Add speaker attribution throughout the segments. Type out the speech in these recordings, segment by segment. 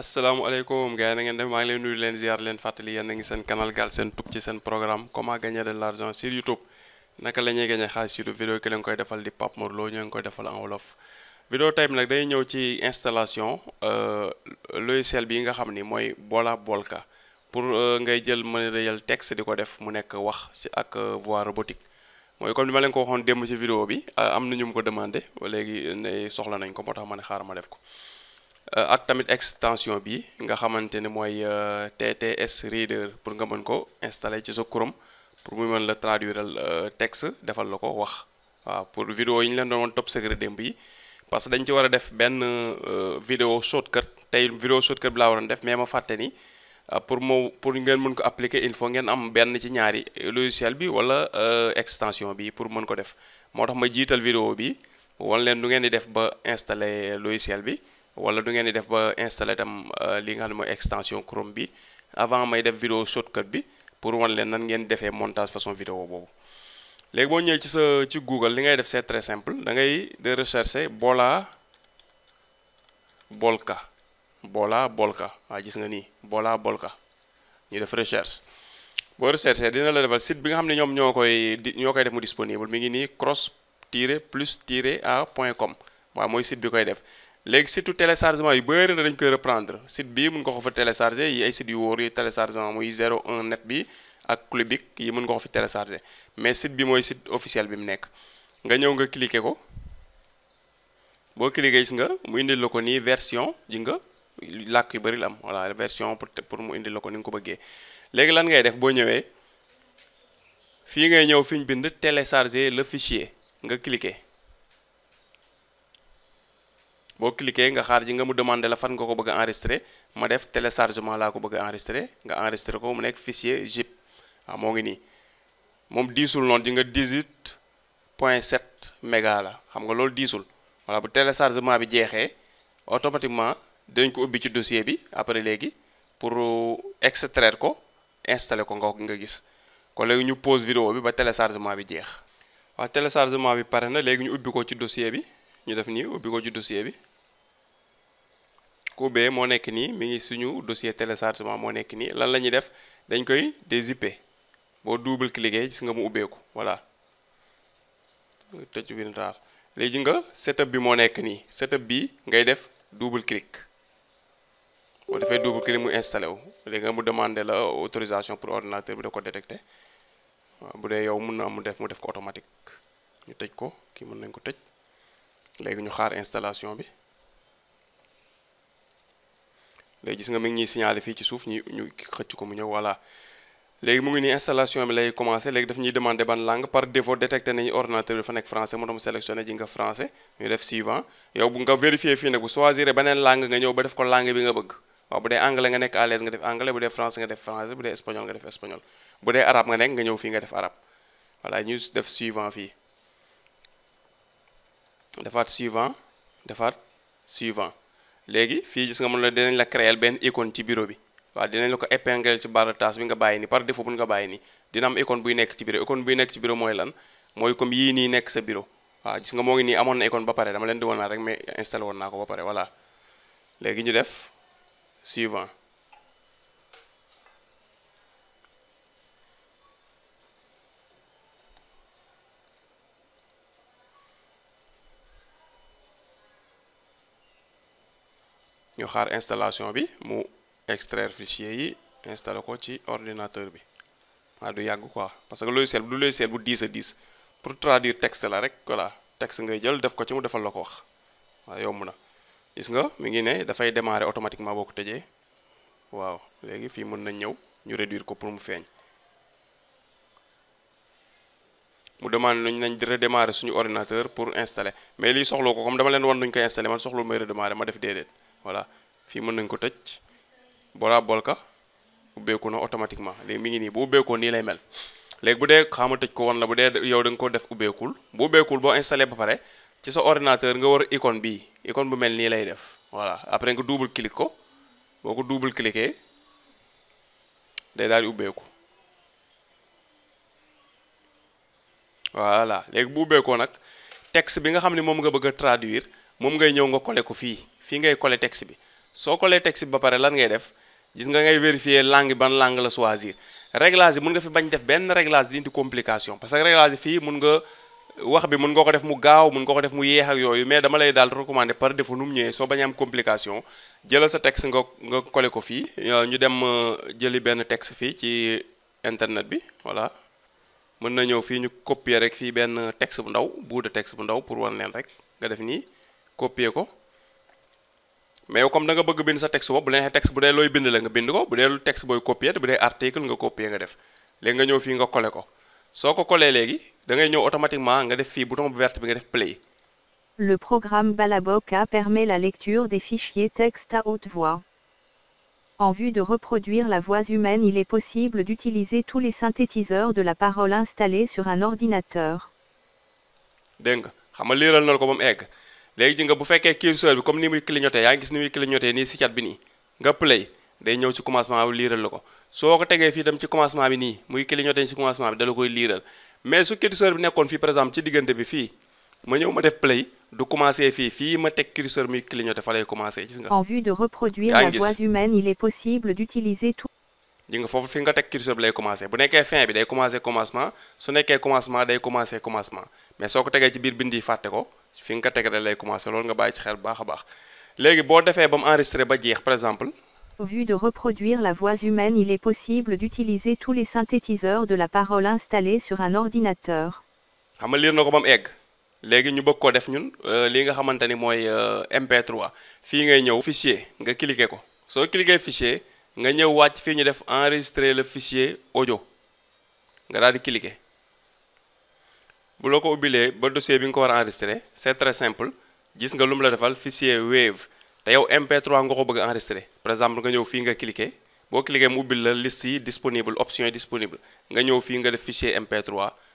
Speaker 1: asalaamaaleykum gars yi na ngeen def maa ngi leen nuyu leen ziar leen fàttali yéen a ngi seen canal Galsen Tube ci seen programme comment gagner de l'argent sur YouTube naka la ñuy gagner xaalis sur YouTube vidéo ki leen koy defal di Pape Mor Lo ñoo ngi koy defal en wolof. vidéo tey bi nag day ñëw ci installation euh, logiciel bi nga xam ni mooy bool ka pour euh, ngay jël mën a jël texte di ko def mu nekk wax si ak euh, voix robotique mooy comme ni ma leen ko waxoon démb ci bi am na ñu mu ko demandé léegi soxla nañ ko moo tax ma ne xaaral ma def ko. Euh, ak tamit extension bi nga xamante ne mooy euh, TTS Reader pour nga mën ko installer ci sa Chrome pour mu mën la traduire euh, texte defal la ko wax waaw pour vidéo yi ñu leen doon woon top secret démb yi parce que dañ ci war a def benn vidéo shortcut tey vidéo shortcut bi laa waroon def mais ma fàtte ni pour moo pour ngeen mën ko appliquer il faut ngeen am benn ci ñaari logiciel bi wala extension bi pour mën ko def moo tax ma jiital vidéo bi wan leen du ngeen di def ba installer logiciel bi wala du ngeen di def ba installé tam euh, li nga xam ne mooy extension Chrome bi avant may def vidéo shortcut bi pour wan leen nan ngeen defee montage façon vidéo boobu léegi boo ñëwee ci sa ci Google li ngay def c'est très simple da ngay de rechercher Bola Bolka Bola Bolka waaw gis nga nii Bola Bolka ñu def recherche boo recherché dina la defal site bi nga xam ne ñoom ñoo koy di ñoo koy def mu disponible mi ngi nii cross tiré plus tiré a point comme waaw mooy site bi koy def léegi surtout téléchargement yu bëri na dañ koy reprendre site bii mën nga ko fa télécharger yi ay site yu wóor yi téléchargement muy 01 net bi ak Clubic yi mën nga ko fi télécharger mais site bi mooy site officiel bi mu nekk nga ñëw nga cliquer ko boo cliquer gis nga mu indil la ko nii version ji nga làkk yu bëri la am voilà version pour pour mu indil la ko ni nga ko bëggee léegi lan ngay def boo ñëwee fii ngay ñëw fi ñu bind télécharger le fichier nga cliquer boo cliquer nga xaar ji nga mu demandé la fan nga ko bëgg a ma def téléchargement laa ko bëgg a nga enregistré ko mu nekk fichier zip waaw ah, moo ngi nii moom diisul noonu di nga dix 18 point 7 méga la xam nga loolu diisul voilà bu téléchargement bi jeexee automatiquement dañ ko ubbi ci dossier bi après léegi pour euh, extraire ko installe ko nga nga gis ko léegi ñu pause vidéo bi ba téléchargement bi jeex waaw téléchargement bi pare na léegi ñu ubbi ko ci dossier bi ñu def nii ubbi ko ci dossier bi Kobe moo nekk nii mi ngi suñu dossier téléchargement moo nekk nii lan la ñuy def dañ koy des dézipper boo double cliquer su nga mu ubbeeku voilà tëj WinRAR léegi nga setup bi moo nekk nii setup bi ngay def double clic boo defee double clic mu installé wu léegi nga mu demandee la autorisation pour ordinateur bi da ko détecté waaw bu dee yow mun na mu def mu def ko automatique ñu tëj ko kii mën nañ ko tëj léegi ñu xaar installation bi léegi gis nga mi ngi ñuy signaler fii ci suuf ñu ñu xëcc ko mu ñëw voilà léegi mu ngi nii installation bi lay commencé léegi daf ñuy demandé ban langue par défaut détecté nañu ordinateur bi dafa nekk français moo tax mu sélectionné ji nga français ñu def suivant yow bu nga vérifié fii nag bu choisir beneen langue nga ñëw ba def ko langue bi nga bëgg waaw bu dee anglais nga nekk à l'aise nga def anglais bu dee français nga def français bu dee espagnol nga def espagnol bu dee arabe nga nekk nga ñëw fii nga def arabe voilà ñu def suivant defaat suivant defaat léegi fii gis nga mën la dinañ la créer benn icône ci bureau bi waaw dinañ la ko épingler ci barre tâche bi nga bàyyi ni par défaut bu nga bàyyi ni dina am icône buy nekk ci bureau icône buy nekk ci bureau mooy lan mooy comme yii nii nekk sa bureau waaw gis nga moo ngi nii amoon na icône ba pare dama leen di woon naa rek mais installé woon naa ko ba pare voilà léegi ñu def suivant ñu xaar installation bi mu extraire fichier yi installé ko ci ordinateur bi waaw du yàgg quoi parce que logiciel du logiciel bu 10 a 10 pour traduire texte la rek voilà texte ngay jël def ko ci mu defal la ko wax waaw yomb na gis nga mi ngi ne dafay démarrer automatiquement boo ko waaw léegi fii mun nañ ñëw ñu réduire ko pour mu feeñ mu demande nañ nañ redémarrer suñu ordinateur pour installer mais lii soxla ko comme dama leen wan nuñ koy ma def déedéet voilà fii mën nañ ko tëj boolaa bool ka ubbeeku na automatiquement léegi mi ngi nii bu ubbeekoo nii lay mel léegi bu dee xama tëj ko woon la bu dee yow da nga ko def ubbeekul bu ubbeekul boo installé bu pare ci sa ordinateur nga war icône bii icône bu mel nii lay def voilà après nga double clic ko boo ko double cliqué day daal di ubbeeku voilà léegi bu ubbeekoo nag texte bi nga xam ne moom nga bëgg a traduire moom ngay ñëw nga kole ko fii fii ngay coller texte bi soo kolee texte bi ba pare lan ngay def gis nga ngay vérifier langue ban langue la choisir réglage yi mun nga fi bañ def benn réglage di indi complication parce que réglage yi fii mun nga wax bi mun nga ko def mu gaaw mun nga ko def mu yeex ak yooyu mais dama lay daal recommander par défaut nu mu ñëwee soo bañ am complication jëlal sa texte nga nga coller ko fii euh, ñu dem euh, jëli benn texte fii ci internet bi voilà mën na ñëw fii ñu copier rek fii benn texte bu ndaw bout de texte bu ndaw pour wan leen rek nga def nii copier ko mais comme da nga bëgg bind sa texte bopp bu la neexee texte bu dee looy bind la nga bind ko bu dee texte booy copier te bu dee article nga copier nga def léegi nga ñëw fii nga coller ko soo ko coller léegi da ngay ñëw automatiquement nga def fii bouton bu verte bi nga def play.
Speaker 2: Le programme Balaboka permet la lecture des fichiers texte à haute voix. En vue de reproduire la voix humaine, il est possible d'utiliser tous les synthétiseurs de la parole installés sur un ordinateur.
Speaker 1: dégg nga xam nga liiral na ko ba mu egg. léegi ji nga bu fekkee curseur bi comme ni muy clignoté yaa ngi ni muy clignoté nii si cat bi nii nga play day ñëw ci commencement bi liiral la ko soo ko tegee fii tam ci commencement bi nii muy clignoté ci commencement bi dala koy liiral mais su curseur bi nekkoon fii par exemple ci diggante bi fii ma ñëw ma def play du commencé fii fii ma teg curseur muy clignoté fa lay commencé gis nga. en vue de
Speaker 2: reproduire la voix humaine il est possible d'utiliser tout.
Speaker 1: ji foofu fi nga mais soo ko tegee biir bind yi fàtte fi nga ko teg rek lay commencer loolu nga bàyyi ci xel baax a baax léegi boo defee ba mu enregistré ba jeex par exemple.
Speaker 2: Au vu de reproduire la voix humaine, il est possible d'utiliser tous les synthétiseurs de la parole installés sur un ordinateur.
Speaker 1: xam nga liir na ko ba mu egg léegi ñu bëgg ko def ñun euh, li nga xamante ni mooy euh, mp wa fii ngay ñëw fichier nga cliquer ko soo cliquer fichier nga ñëw wàcc fii ñu def enregistrer le fichier ojo nga daal di cliquer. bu loo ko ubbilee ba dossier bi nga ko war a enregistré c'est très simple gis nga lu mu la defal fichier wave te yow mp nga ko bëgg a par exemple nga ñëw fii nga cliqué boo cliqué mu ubbil la liste yi disponible option nga ñëw fii nga def fichier MP3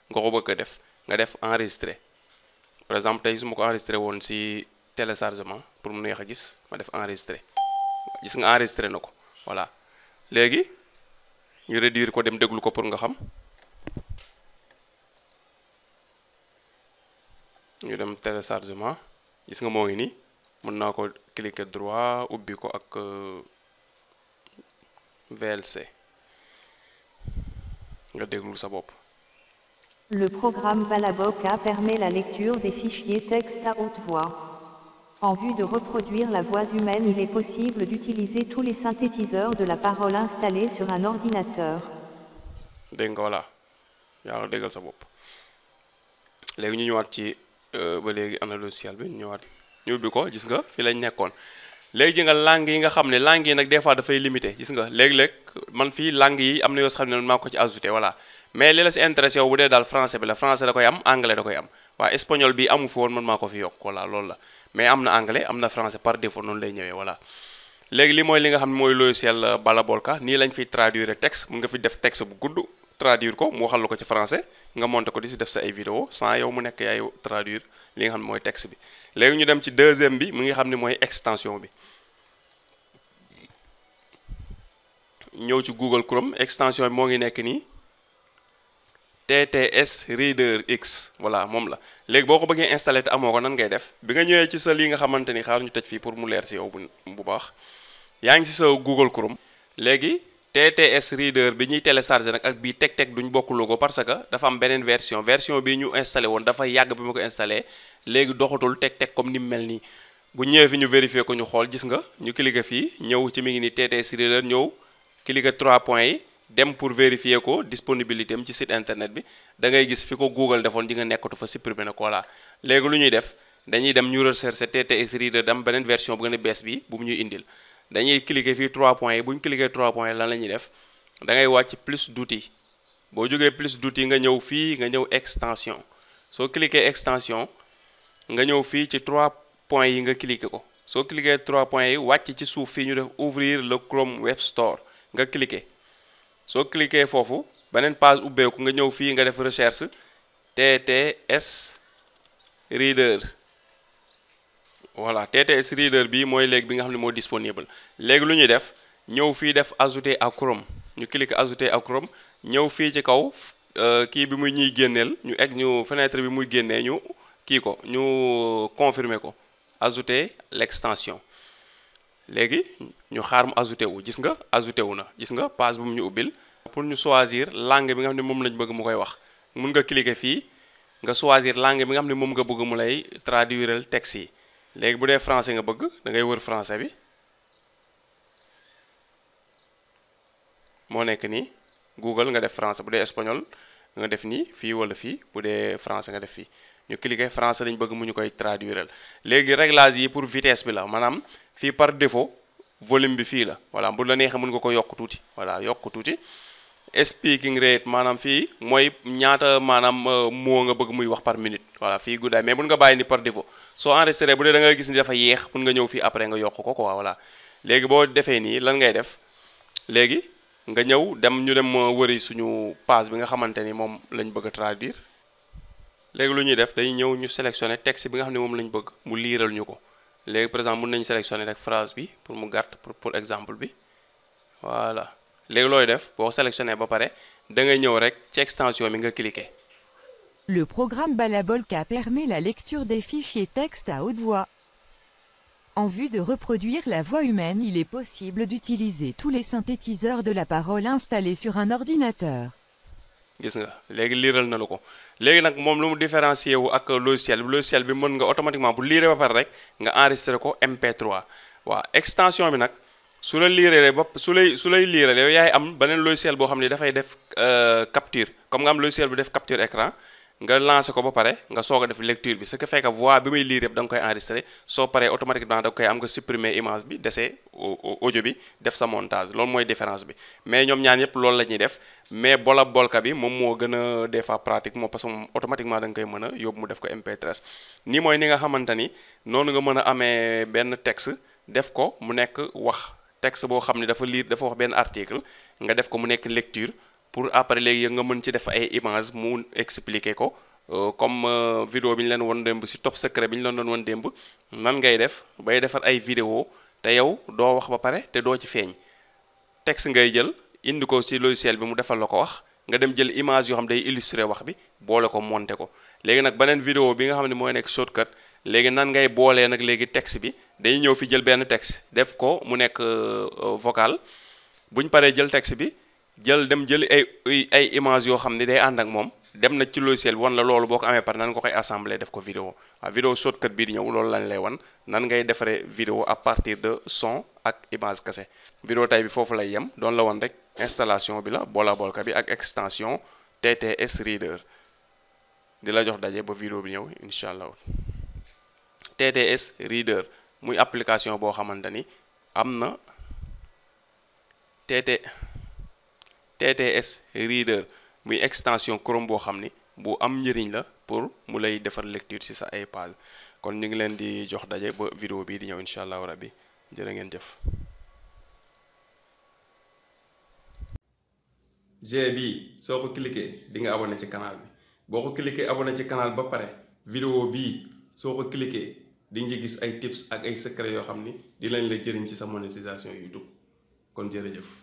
Speaker 1: nga ko bëgg a def nga def enregistré par exemple tey su ma ko enregistré woon si téléchargement pour mu neex a gis ma def enregistré gis nga enregistré na ko voilà léegi ñu réduire ko dem déglu ko pour nga xam. ñu dem téléchargement gis nga moo ngi mën naa ko cliquer droit ubbi ko ak euh, VLC nga déglu sa bopp.
Speaker 2: Le programme Balaboka permet la lecture des fichiers texte à haute voix. En vue de reproduire la voix humaine, il est possible d'utiliser tous les synthétiseurs de la parole installés sur un ordinateur.
Speaker 1: dégg nga voilà yaa ngi déggal sa bopp léegi ñu ñëwaat Euh, ba léegi na sociale bi ñëwaat ñu ubbi ko gis nga fi lañ nekkoon léegi ji nga langue yi nga xam ne langue yi nag des fois dafay limité gis nga léeg-léeg man fii langue yi am na yoo xam ne maa ko dee daal français bi la français da koy am anglais da koy am waa espagnol bi mais am na anglais na français par défaut noonu lay ñëwee voilà léegi li mooy li nga xam mooy logiciel euh, Balabolka nii lañ fiy traduire texte mun nga fi def texte bu gudd traduire ko mu waxal la ko ci français nga monter ko di si def sa ay vidéo sans yow mu nekk yaay traduire li nga xam ne mooy texte bi léegi ñu dem ci deuxième bi mu ngi xam ni mooy extension bi ci Google Chrome extension bi moo ngi nekk nii TTS Reader X voilà moom la léegi boo ko bëggee installé te amoo ko nan ngay def bi nga ñëwee ci sa li nga xamante ni xaar ñu tëj fii pour mu leer si yow bu bu baax yaa ngi si sa Google Chrome léegi TTS reader bi ñuy télécharger nag ak bii teg teg duñ bokk logo parce que dafa am beneen version version bii ñu installé woon dafa yàgg bi ma ko installé léegi doxatul teg teg comme ni mu mel nii bu ñëwee fi ñu vérifier ko ñu xool gis nga ñu cliquer fii ñëw ci mi ngi ni TTS reader ñëw cliquer trois points yi dem pour vérifier ko disponibilité am ci site internet bi dangay gis fi ko Google defoon di nga nekkatu fa supprimer na ko léegi lu ñuy def dañuy dem ñu rechercher TTS reader dam beneen version bu gën a bees bi bu mu indil dañuy cliquer fii trois points yi buñ ñu cliquer trois points yi lan la ñuy def dangay wàcc plus d'outils boo jógee plus d'outils nga ñëw fii nga ñëw extension soo cliquer extension nga ñëw fii ci trois points yi nga cliquer ko soo cliquer trois points yi wàcc ci suuf fii ñu def ouvrir le Chrome Web Store nga cliquer soo cliquer foofu beneen page ubbeeku nga ñëw fii nga def recherche TTS Reader voilà TTS Reader bi mooy léegi bi nga xam ne moo disponible léegi lu ñuy def ñëw fii def ajouter ak Chrome ñu cliquer ajouter ak Chrome ñëw fii ci kaw euh, kii bi muy ñuy génneel ñu egg ñu fenêtre bi muy génnee ñu kii ko ñu confirmer ko ajouter l'extension léegi ñu xaar mu ajouté wu gis nga ajouté wu na gis nga page bi mu ñu ubbil pour ñu choisir langue bi nga xam ne moom lañ bëgg mu koy wax mun nga cliquer fii nga choisir langue bi nga xam ne moom nga bëgg mu lay traduire texte yi léegi bu dee français nga bëgg da ngay wër français bi moo nekk nii Google nga def france bu dee espagnol nga def nii fii wala fii bu dee français nga def fii ñu cliquer france lañ bëgg mu ñu koy traduire léegi réglage yi pour vitesse bi la maanaam fii par défo volume bi fii la voilà bu la neexee mën nga ko yokk tuuti voilà yokk tuuti speaking rate maanaam fii mooy ñaata maanaam euh, moo nga bëgg muy wax par minute voilà fii guddaay mais mun nga bàyyi ni par défaut soo enregistré bu dee da gis ni dafa yéex mun nga ñëw fii après nga yokk ko quoi voilà léegi boo defee nii lan ngay def léegi nga ñëw dem ñu dem euh, wëri suñu page bi nga xamante ni moom lañ bëgg a traduire léegi lu ñuy def dañ ñëw ñu sélectionné texte bi nga xam ne moom lañ bëgg mu liiral ñu ko léegi par exemple mun nañu sélectionné rek phrase bi pour mu gàtt pour pour exemple bi voilà léegi looy def boo sélectionné ba pare da ñëw rek ci bi nga cliqué
Speaker 2: Le programme Balabolka permet la lecture des fichiers texte à haute voix. En vue de reproduire la voix humaine, il est possible d'utiliser tous les synthétiseurs de la parole installés sur un ordinateur.
Speaker 1: gis nga léegi liiral na la ko léegi nag moom lu mu différencier wu ak logiciel bi bi mën nga automatiquement bu liiree ba pare rek nga enregistré ko MP3 waaw extension bi nag su la liiree ba su lay su lay liiree yow yaay am beneen logiciel boo xam ne dafay def euh, capture comme nga am logiciel bi def capture écran nga lancé ko ba pare nga soog def lecture bi ce que fait que voix bi muy lire yëpp da koy enregistré soo paree automatiquement da nga koy am nga supprimer image bi dese bi def sa montage loolu mooy différence bi mais ñoom ñaan yëpp loolu la ñuy def mais bola bolka bi moom moo gën des fois pratique parce que moom automatiquement koy mën a yóbbu mu def ko MP3 nii mooy ni nga xamante ni noonu nga mën a amee benn texte def ko mu nekk wax texte boo xam ne dafa liir dafa wax benn article nga def ko mu nekk lecture pour après léegi nga mën ci def ay image mu expliquer ko euh, comme euh, vidéo bi ñu leen won démb si top secret bi ñu leen doon won démb nan ngay def bay defar ay vidéo te yow doo wax ba pare te doo ci feeñ texte ngay jël indi ko si logiciel bi mu defal la ko wax nga dem jël image yoo xam day illustrer wax bi boole ko monter ko léegi nag beneen vidéo bi nga xam ne mooy nekk shortcut léegi nan ngay boolee nag léegi texte bi day ñëw fi jël benn texte def ko mu nekk euh, vocal buñ paree jël texte bi jël dem jëli ay ay image yoo xam ne day ànd ak moom dem na ci logiciel bi wan la loolu boo ko amee par nan nga koy assemblé def ko vidéo waaw vidéo shortcut bii di ñëw loolu lañ lay wan nan ngay defaree vidéo à partir de son ak image kese vidéo tay bi foofu lay yem doon la wan rek installation bi la bola bolka bi ak extension TTS Reader di la jox daje ba vidéo bi ñëw incha allah TTS Reader muy application boo xamante ni am na TT TTS Reader muy extension Chrome boo xam ni bu am njëriñ la pour mu lay defar lecture ci sa ay page kon ñu ngi leen di jox daje ba vidéo bii di ñëw incha allahu rabbi jërë ngeen jëf G bi soo ko cliquer di nga na ci canal bi boo ko cliquer abonné ci canal ba pare vidéo bi soo ko cliquer di nga gis ay tips ak ay secret yoo xam ni di lañ la jëriñ ci sa monétisation YouTube kon jërëjëf